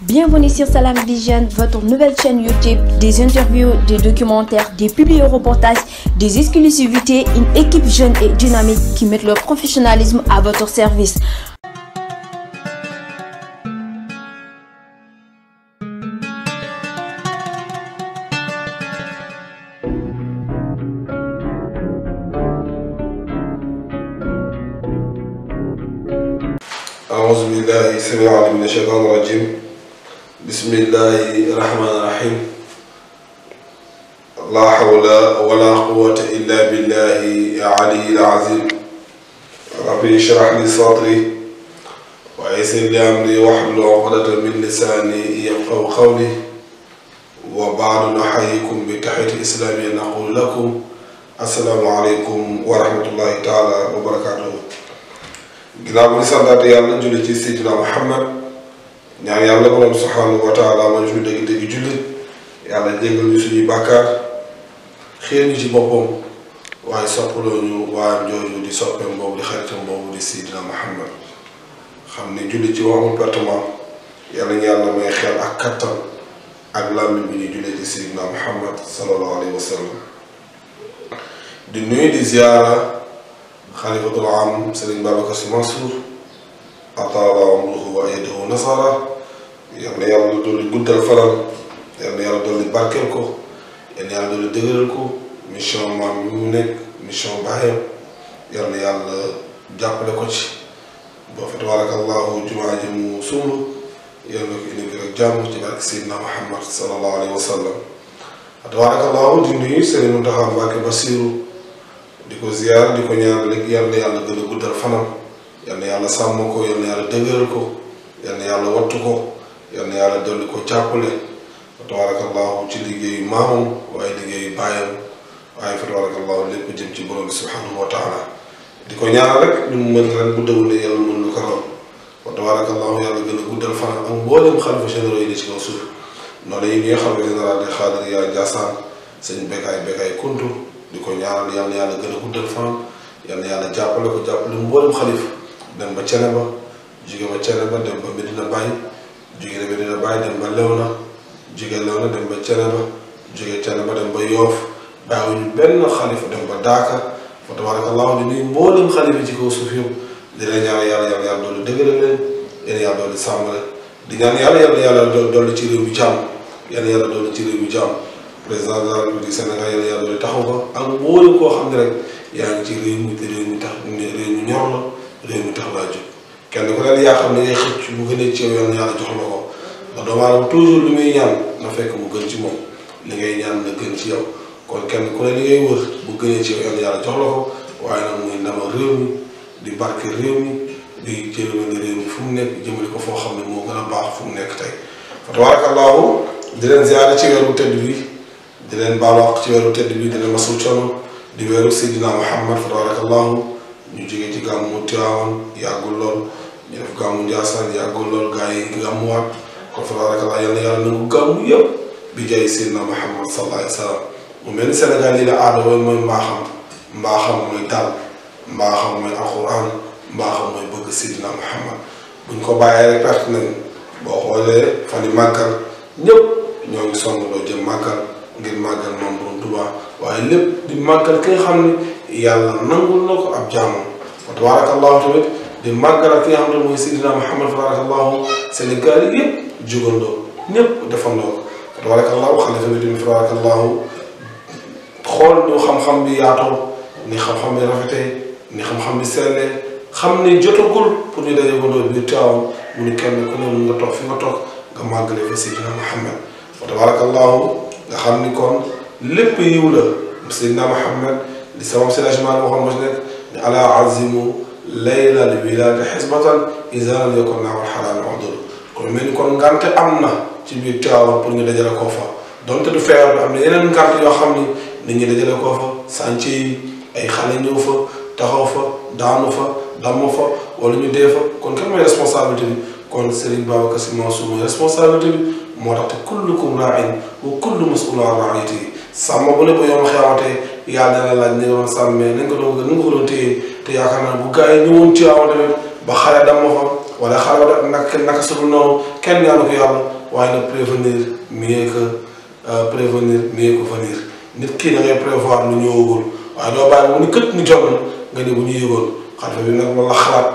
Bienvenue sur Salam Vision, votre nouvelle chaîne YouTube, des interviews, des documentaires, des publi des exclusivités, une équipe jeune et dynamique qui met leur professionnalisme à votre service. أعوذ بالله السميع العليم من الشيطان الرجيم bismillahi rahmaani rahiim la hawla wala quwwata illa billahi aliyil azim rabbi ishrah li sadri wa yassir li amri wahlul uqdatan min lisani yafqahu qawli wa ba'du nuhayyikum bi tahiyyati islamiyya naqulu lakum assalaamu aleykum wa rahmatullahi taala wa barakatuhu ginnaaw bu ñu santaate yàlla julli ci Seydina Muhammad ñaan yàlla borom subhanahu wa taala ma ñu fi dëgg-dëgg jullit yàlla jéggal ñu suñuy bàkkaar xéer ñu ci waaye soppaloo ñu jooju di soppeem boobu di xaritam Muhammad xam ne jullit ci waxamul pertement yàlla ñu yàlla may xel ak kattan ak làmmiñ bi ñu jullee ci Muhammad sallallahu alayhi wa di nuyu di ziara xalifatul am Sëriñ Babacar Sy Mansour atala umruhu wa ayadahu nasara yal na yàlla dolli guddal faral yal na yàlla ko yal na yàlla ko mission maam mi mu nekk mission baayam yal na yàlla jàppale ci boo fa tabarakallahu jumaa ji mu sumb di ko ziyaar di ko ñaanal rek yal na ko yal na yàlla ko yal wattu ko yal na yàlla dolli ko càppale wa tabarakallahu ci liggéeyu maamam wa liggéeyu baayam waaye fa tabarakallahu lépp jëm ci borom bi wa taala di ko ñaanal rek ñu mën ren bu dawle yàlla mën ko raw yàlla gën a guddal fan ak mboolem xalifa généraux yi ne ci ko ñaanal yal na yàlla xalif dem ba cene ba jóge ba Medina Baye jóge na Medina Baay dem ba Léona jóge Léona dem ba Thiénaba jóge Thiénaba dem ba Yoof bàyyiwuñu benn xalifa dem ba Daaka fa tabarakallahu di nuyu mboolem xalifa ci kaw suuf yëpp di leen ñaan yàlla yàlla yàlla doolu dëgëral di ñaan yàlla yàlla yàlla doolu ci réew mi jàmm yàlla yàlla doolu ci réew mi jàmm président de la République du ko ak mboolem koo xam ne rek yaa ngi ci réew mi te réew mi tax réew mi la réew kenn ku ne yaa xam ne ngay xëcc bu gën a ci yoon yàlla jox la ko ndax doomu aadama toujours muy ñaan na fekk mu gën ci moom li ngay ñaan na kenn bu gënee ci jox la ko waaye nag muy ndama réew di barke réew mi di jëlmel ne réew fu mu nekk jëmale ko foo xam ne moo gën a baax fu mu nekk tey fa tabarakallahu di leen ziyaare ci weeru tedd bi di leen baalwaq ci weeru tedd bi di leen masu coono di weeru Seydina Muhammad fa tabarakallahu ñu jógee ci gàmmu Tiwaawan yàggul lool ñu def gàmmu Ndiassane yàggul lool gars yi gàmmuwaat kon tabarakallah yal na yàlla nangu gàmmu yëpp bi jaay Seydina Muhammad sallallahu alayhi wa sallam mu mel ni Sénégal yi la aada woon mooy mbaaxam mbaaxam mooy dal mbaaxam mooy alxuraan mbaaxam mooy bëgg Seydina Muhammad buñ ko bàyyee rek perte nañ boo xoolee fan yi màggal ñëpp ñoo ngi sonn loo jëm màggal ngir màggal moom borom waaye lépp di màggal ki xam ne yàlla nangul na ab jaamam wa tabaarakallahu di màggal ak ki nga xam ne mooy Seydina Muhammad tabarakallahu Sénégal yëpp jugandoo ñëpp defandoo ko tabarakallahu xalifa bi tamit tabarakallahu xool ñu xam-xam bi yaatoo ni xam-xam bi rafetee ni xam-xam bi sellee xam ne jotagul pour ñu daje bandoo biir teewam mu ni kenn ku ne mun nga toog fi nga toog nga màggale fa Seydina Muhammad fa tabarakallahu nga xam ni kon lépp yiw la Seydina Muhammad li sama sédagement waxoon mos nekk ne ala azimu laylal wilaade xisbatan isaran yokon naawal xalaami odul kon mel ni kon ngante am na ci biir Tiwaawan pour ñu dajale koo fa donte du feebar bi am na yeneen ngante yoo xam ni nit ñi dajale koo fa sànce yi ay xale ñëw fa taxaw fa daanu fa damm wala ñu dee fa kon kan mooy responsabilité bi kon Serigne Babacar Sy Mansour mooy responsabilité bi moo tax te kullukum raa'in wa kullu mas'uulun an ra'iyyatihi sàmm bu ne ko yoom xeewatee yàlla dana laaj ni nga doon sàmmee ni nga ko doon ni nga ko doon téye te yaakaar naa bu gaa yi ñëwoon ci waaw tamit ba xale dama fa wala xale wala naka naka suuf noonu kenn ñaanu ko yàlla waaye nag prévenir mieux que prévenir mieux que venir nit kii da ngay prévoir lu ñëwagul waaye doo bàyyi mu ni kët ni jot nga ni bu ñu yëgoon xalifa bi nag loolu la xalaat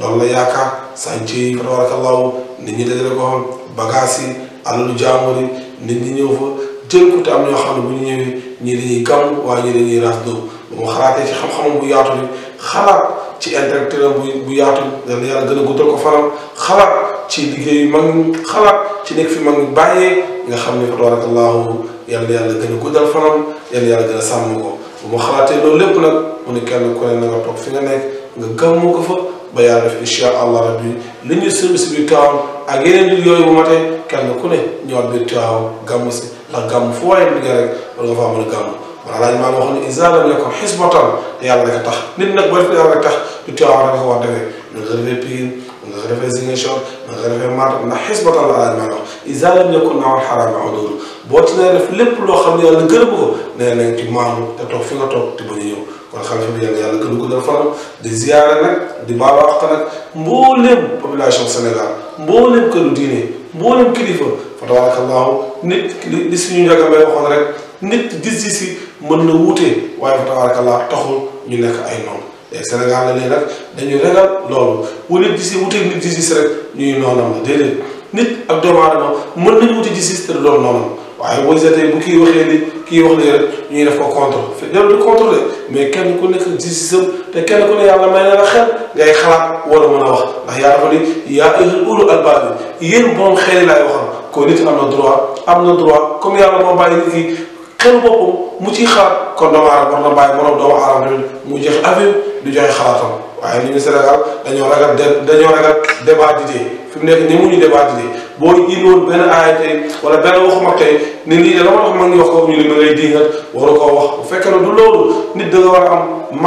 loolu la yaakaar sànc yi tabarakallahu nit ñi dajale ko xam bagage yi alalu jaamur yi nit ñi ñëw fa jël ko te am ñoo xam ne bu ñu ñëwee ñii dañuy gàmm waaye ñii dañuy raas dóob bu ma xalaatee ci xam-xamam bu yaatu bi xalaat ci intellectuel bu bu yaatu dana yàlla gën guddal ko faram xalaat ci liggéeyu mag xalaat ci nekk fi mag ñi bàyyee nga xam ne fa tabarakallahu yàlla yàlla gën a guddal faram yàlla yàlla gën a sàmm ko bu ma xalaatee loolu lépp nag mu ne kenn ku ne toog fi nga nekk nga gàmmu ko fa ba yàlla def incha allah rabbi li ñuy service bi tawam ak yeneen yooyu bu matee kenn ku ne ñëwaat bi taaw gàmmu si ndax gàmm fu waaye liggéey rek war nga faa mën a gàmm wala laaj maa ngi wax ne isa lam yakun xisbatan yàlla rek a tax nit nag boo def yàlla rek tax du Tiwaawan rek ko war defee na nga defee Pikine na nga defee Ziguinchor na nga defee Matam ndax xisbatan la laaj maa ngi wax isa lam yakun naawal xaraam adoolu boo ci nee def lépp loo xam ne yàlla gërëm ko nee nañ ci maamu te toog fi nga toog te bañ a ñëw kon xalifa bi yàlla yàlla gën ko dal fanam di ziyaare nag di baaba àq nag mbooleem population Sénégal mbooleem këru diine mbooleem kilifa fa tabaraka allahu nit li li suñu njëkk may waxoon rek nit gis-gis yi mën na wuute waaye fa tabarakallah taxul ñu nekk ay noonu et Sénégal la léegi nag dañuy ragal loolu bu nit gis yi wuuteeg nit gis-gis rek ñuy noonam la déedéet nit ak ma aadama mën nañu wuute gis-gis te du doon noonam waaye boo seetee bu kii waxee li kii wax lii rek ñuy def ko contre loolu du contrôlé mais kenn ku nekk gis te kenn ku ne yàlla may na la xel ngay xalaat wala mën a wax ndax yaa dafa ni yaa ulul koo nit am na droit am na droit comme yàlla moo bàyyi nit yi xel boppam mu ciy xalaat kon doomu aadama war na bàyyi moroom doomu aadama tamit mu joxe avis du joxe xalaatam waaye li ñu Sénégal dañoo ragal dañoo ragal débat d'idées fi mu nekk ni mu ñu débat d'idées boo indiwoon benn aaya tey wala benn waxuma tey ne lii de la ma tax ma ngi wax ko ñu ne ma ngay diingat waru koo wax bu fekkee ne du loolu nit da nga war a am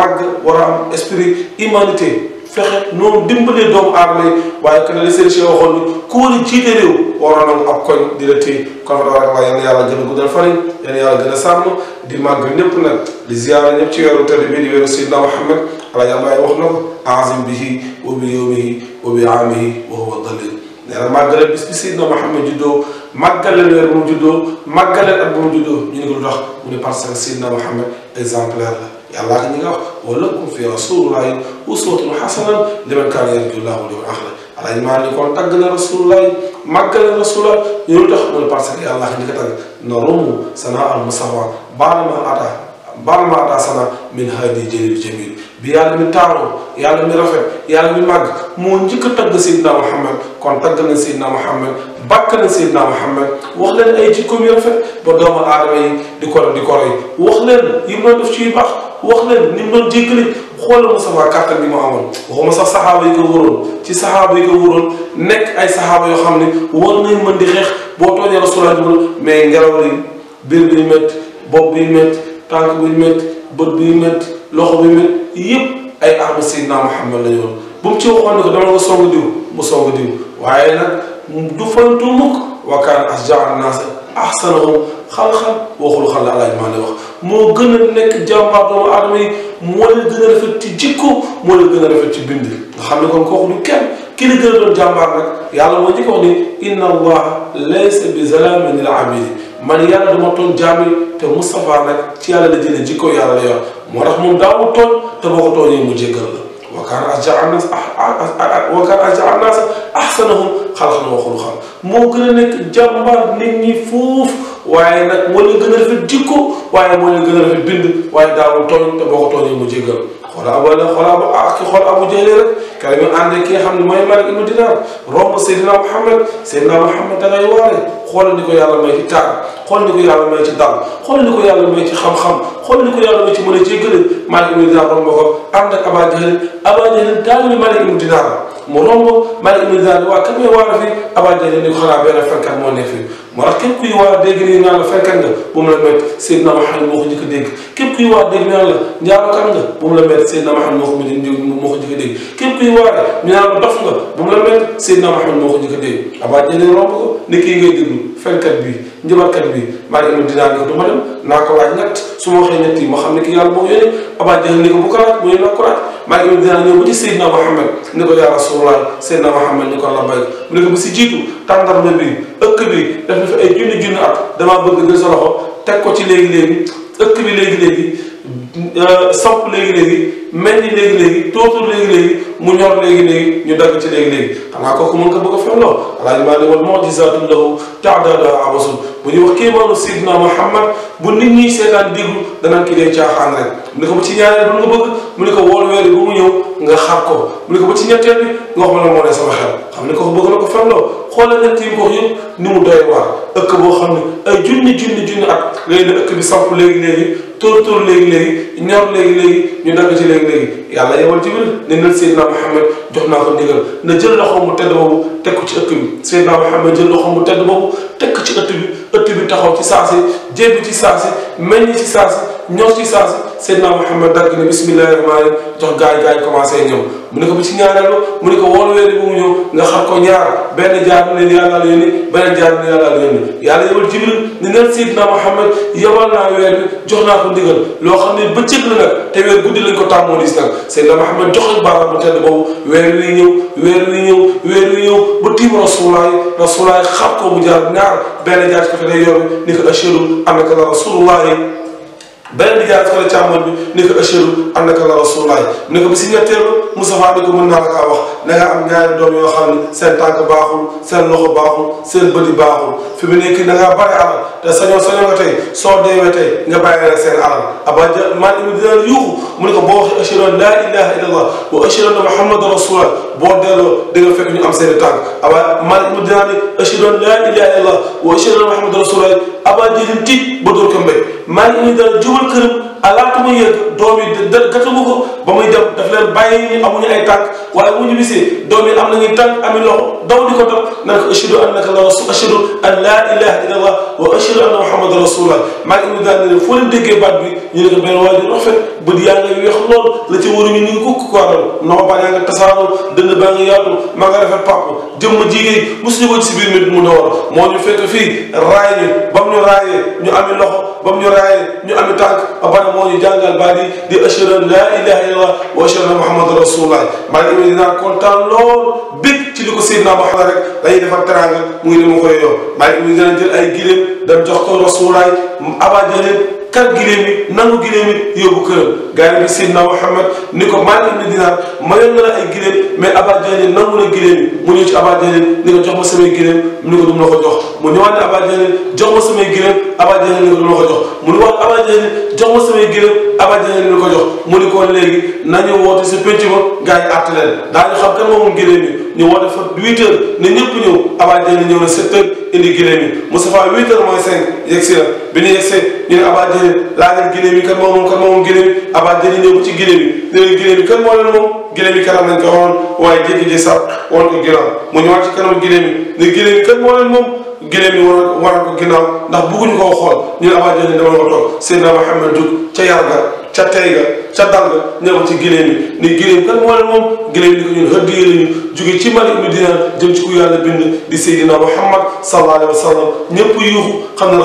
war am esprit humanité fexe noonu dimbalee doomu aadama yi waaye que ne la seen si waxoon ni ku war a jiite réew waroon nañu ab koñ di la téye kon daanaka waaye yéen yàlla gën a guddal fan yéen yàlla gën a sàmm di màgg ñëpp nag di ziyaara ñëpp ci weeru tëdd bi di weeru Seydina Muhammad ala yàlla wax na ko azim bihi wa bi yawmihi wa bi aamihi wa huwa dalil nee na màggaleel bis bi Seydina Muhammad juddoo màggaleel weer bu mu juddoo màggaleel at bu mu juddoo ñu ne ko lu tax mu ne parce que Seydina Muhammad exemplaire la. yàllaa ko ñu nga wax wa lakum fi rasulillahi uswatun xasana liman kaana yarju llaaha wal yawmal aaxir alaaj maa ni kon tagg na rasulullahi màgg na rasulullah ñu tax mu ne parce que yàllaa ko ñu ko tagg na romu sanaa al musawa baal ma ata baal ma ata sana min haadi jalil jamil bi yàlla mi taaroo yàlla mi rafet yàlla mi màgg moo njëkk a tagg Seydina Muhammad kon tagg na Seydina Muhammad bàkk na Seydina Muhammad wax leen ay jikkoom yu rafet ba doomu aadama yi di ko di ko roy wax leen yi mu doon def ci yu baax wax leen ni mu doon jékkale xoolal ma sama kàttan bi ma amoon waxuma sax saxaaba yi ko wóoroon ci saxaaba yi ko wóoroon nekk ay saxaaba yoo xam ne war nañ mën di xeex boo tooñee Rasulullah mais ngelaw li biir biy métti bopp biy métti tànk biy métti bët biy métti loxo biy métti yëpp ay arme Seydina la yoon bu mu ci waxoon ne ko dama nga song diw mu song diw waaye nag du fantu mukk wa kaana asjaa annaasa ahsanahum xal-xal waxul xal la alaaj maa ne wax moo gën a nekk jàmbaar doomu aadama yi moo la gën a rafet ci jikko moo la gën a rafet ci bind nga xam ne kon kooku du kenn ki la gën a doon jàmbaar nag yàlla moo njëkk wax ni inna allaha laysa bi zalamin lil abidi man yàlla dama toon jaami te Moustapha nag ci yàlla la jëlee jikko yàlla la yor moo tax moom daawu tooñ te boo ko tooñee mu jéggal la wa kaana ashjaa annaas wa kaana ashjaa annaas ahsanahum xalqan wa xuluqan moo gën a nekk jàmbaar nit ñi foofu waaye nag moo leen gën a rafet jikko waaye moo leen gën a rafet bind waaye daawul tooñ te boo ko tooñee mu jéggal xoolaa wala xoolaa ba ah ki xool Abu Jahl rek kala ñu ànd ki nga xam ne mooy Malik ibn Dinar romb Seydina Muhammad Seydina Muhammad da ngay waare xoolal ni ko yàlla may ci taar xoolal ni ko ci dal xoolal ni ko yàlla may ci xam-xam xoolal ni ci yàlla may ci mën a jéggale Malik ibn Dinar romb ko ànd ak Aba Jahl Aba Jahl daal ni Malik ibn Dinar mu romb Malick mi daal waa kan ngay waar a fi Aba nii la fenkat nga bu mu la métti Seydina Muhammad moo ko njëkk a dégg képp kuy waar dégg a dégg képp a bi njëbarkat bi Malick mi dinaa ma naa ko laaj ñett su ma waxee ñett yi ma xam ne ki yàlla moo yónnee Aba Jalle ni ko bu ko laaj mu ne naa ko laaj Malick mi dinaa ñëw ba ci Seydina Muhammad ni ko yaa Rasul rasulullah seydna Muhammad ni ko labbayk mu ne ko bu si jiitu tàndarma bi ëkk bi def na fi ay junni junni at damaa bëgg nga sa loxo teg ko ci léegi-léegi ëkk bi léegi-léegi euh, samp léegi-léegi meññ léegi-léegi tóotul léegi-léegi mu ñor léegi-léegi ñu dagg ci léegi-léegi xanaa kooku mën ko bëgg a fenloo alaa limaa ne wal mu'jizaatu lahu ta'daadu abasun bu ñuy wax kéemaanu sidna Muhammad ki dee caaxaan rek mu ne ci ñaareel bu nga bëgg mu ne ko wool nga xar ko mu ne ko ba ci ñetteel bi ko bëgg na ko fenloo xoolal ñett yi ko wax yëpp ni mu doy waar ëkk boo xam ne ay junni junni junni at léegi la ëkk bi samp léegi-léegi tóor tóor léegi-léegi léegi-léegi ñu dagg ci léegi-léegi yàlla yebal Jibril ne nel Seydina Muhammad jox naa ko na jël loxo mu tedd boobu teg ko ci ëtt bi Seydina Muhammad jël loxo mu tedd boobu ci ëtt bi ëtt bi taxaw ci saasi jébi ci saasi meññ ci saasi ñor ci saasi Seydina Muhammad dagg ne bismillahi rahmaani jox gaay gaay commencé ñëw mu ne ko bi ci ñaareelu mu ne ko woon nga xam ko ñaar benn jaar leen yàlla la yónni beneen jaar leen yàlla la yónni yàlla yebal jibril ni neen Seydina Muhammad yebal weer bi jox naa ko ndigal loo xam ne bëccëg la nag te weer guddi lañ ko tàmmoon gis nag Seydina Muhammad joxal baaraam bu tedd boobu weer wi ñëw weer wi ñëw weer wi ñëw ba tiim rasulaay rasulaay xam ko mu jaar ñaar benn jaar ci ko te day yor ni ko ashhadu annaka la rasulullahi beneen bi jaar ci côté càmmoñ bi ni ko ashhadu annaka la rasulullaah ni ko bi si ñetteelu Moustapha ni ko mën naa la wax da am ñaari doom yoo xam ne seen tànk baaxul seen loxo baaxul seen bëti baaxul fi mu nekk da ngaa bare alal te sañoo sañoo nga tey soo deewee tey nga bàyyi rek seen alal yuuxu mu ne ko boo waxee ashhadu an laa ilaaha illallaah wa ashhadu anna muhammadan rasulullaah boo delloo da nga fekk ñu am seen i tànk aba Malik mu dinaa ne ashhadu an laa ilaaha illallah wa ashhadu anna Muhammadan rasulullah aba jëlin tiit ba dóor ko mbéy Malik mu daan jubal këram alaaka muy yegg doom yi gàttagu ko ba muy dem daf yi ñu amuñu ay tànk waaye bu ñu bisee doom yi am nañuy tànk ami loxo daw di ko topp naan ko ashhadu annaka la rasul ashhadu an laa ilaha illa allah wa ashhadu anna muhammadan rasulullah maa ngi indi daal ne foo leen déggee baat bi ñu ne ko benn waay di rafet bët yaa ngi weex lool la ci waruñu ni ngi kukk ko waral noo baa yaa nga tasaaroo dënn baa nga yaatu maa nga rafet pàpp jëmm jigéen mosuñu ko ci biir mi mu dawal moo ñu fekk fii raay ñu ba mu ñu raayee ñu ami loxo ba mu ñu raayee ñu am tànk ba pare moo ñu jàngal baat yi di ashhadu an laa ilaaha illallah wa ashhadu anna muhammadan rasulullah maa ngi leen dinaa kontaan lool bég ci li ko Seydina Muhammad rek dañuy defar teraanga mu ngi ni ma koy yor maa ngi leen dina jël ay gileem dem jox ko rasulaay abaa jëleen kar giléem yi nangu giléem yi yóbbu këram gars yi Muhammad ni ko Maalik ibn Dinaar mayoon na la ay giléem mais Abaa Jahl nangu na giléem yi mu ñëw ci Abaa Jahl ni ko jox ni ko jox mu ñëwaat ne Abaa Jahl jox ma samay giléem Abaa Jahl ni ko jox mu ni wax Abaa Jahl jox ko jox mu ni ko léegi nañu woote si pénc ma gars yi àtte leen daañu xam kan moom giléem ñu woote fa huit heures ne ñëpp ñëw abaa jëli ñëw na sept heures indi gileem yi Moustapha mooy cinq yegg si la bi ñu yegsee ñu ne abaa jëli laajal gileem yi moo moom moom gileem yi moo leen moom gileem yi kanam ko woon waaye jékki-jékki sax woon ko ginnaaw mu ñëwaat ci kanam gileem yi ne gileem yi kan moo leen moom gileem yi war a a ko ndax bëgguñu koo xool ñu ne abaa jëli dama nga ca yar ca tey ga ca dal ga ñëw ci giléem yi ni giléem kan moo leen moom giléem yi ni ko ñun hëddiyee lañu jóge ci Malik ibnu Dinaar jëm ci ku yàlla bind di Seydina Muhammad sallallahu alayhi wa sallam ne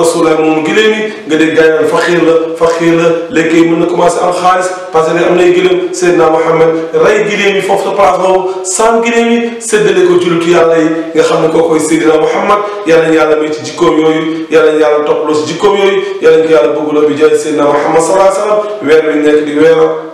rasulullah moom giléem yi nga dégg gars yi faqiir la faqiir la léegi mën na commencé am xaalis parce que am nay giléem Seydina Muhammad rey giléem yi foofu te place boobu saan giléem yi ko jullitu yàlla yi nga xam ne koo koy Seydina Muhammad yàlla ñu yàlla may ci jikkoom yooyu yàlla ñu yàlla toppaloo si jikkoom yooyu yàlla ñu ko weer bi nekk di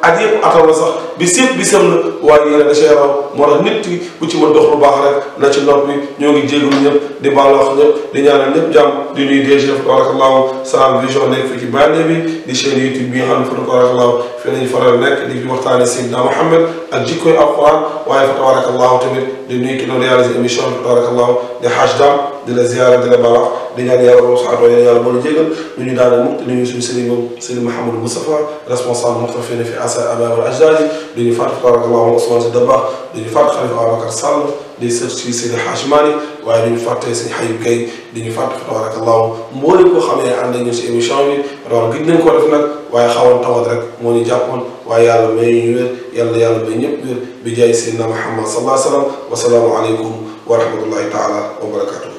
at yëpp atal la sax bi séet bi sëm la waaye yéen da cee raw moo tax nit ki ku ci mën dox lu na ci nopp bi ñoo ngi jégalu ñëpp di baal ñëpp di ñaanal ñëpp jàmm di nuyu DG Tabarakallahu Salam Vision nekk fii ci bànnee bi di chaîne YouTube bi nga xam ne Tabarakallahu fi lañu faral nekk di waxtaane Seydina Mouhamed ak jikkoy alquran waaye fa tabarakallahu tamit di nuyu ki doon réalisé émission bi fa tabarakallahu di xaaj daam di la ziara di la balax di ñaan yàlla borom subhanahu wa taala yàlla mën a jégal ñu ñu daane mukk di nuyu suñu sëriñ moom sëriñ Mouhamadou Moustapha responsable muxtafina fi asa abaa wal ajdaadi di ñu fàtt tabarakallahu Ousmane Si Dabaax di ñu fàtt Xalifa Ababacar Sall di sëf si Seydi Xaaj Maalik waaye duñu fàtte si xayib kay duñu fàtte ko tabarakallahu mboolem koo xam ne ànd nañu si émission bi alors gis nañ ko def nag waaye xawoon tawat rek moo ñu jàppoon waaye yàlla may ñu wér yàlla yàlla may ñëpp wér bi jaay seydina Muhammad sallallahu alayhi wa sallam wasalaamu aleykum wa rahmatullahi taala wa barakatuh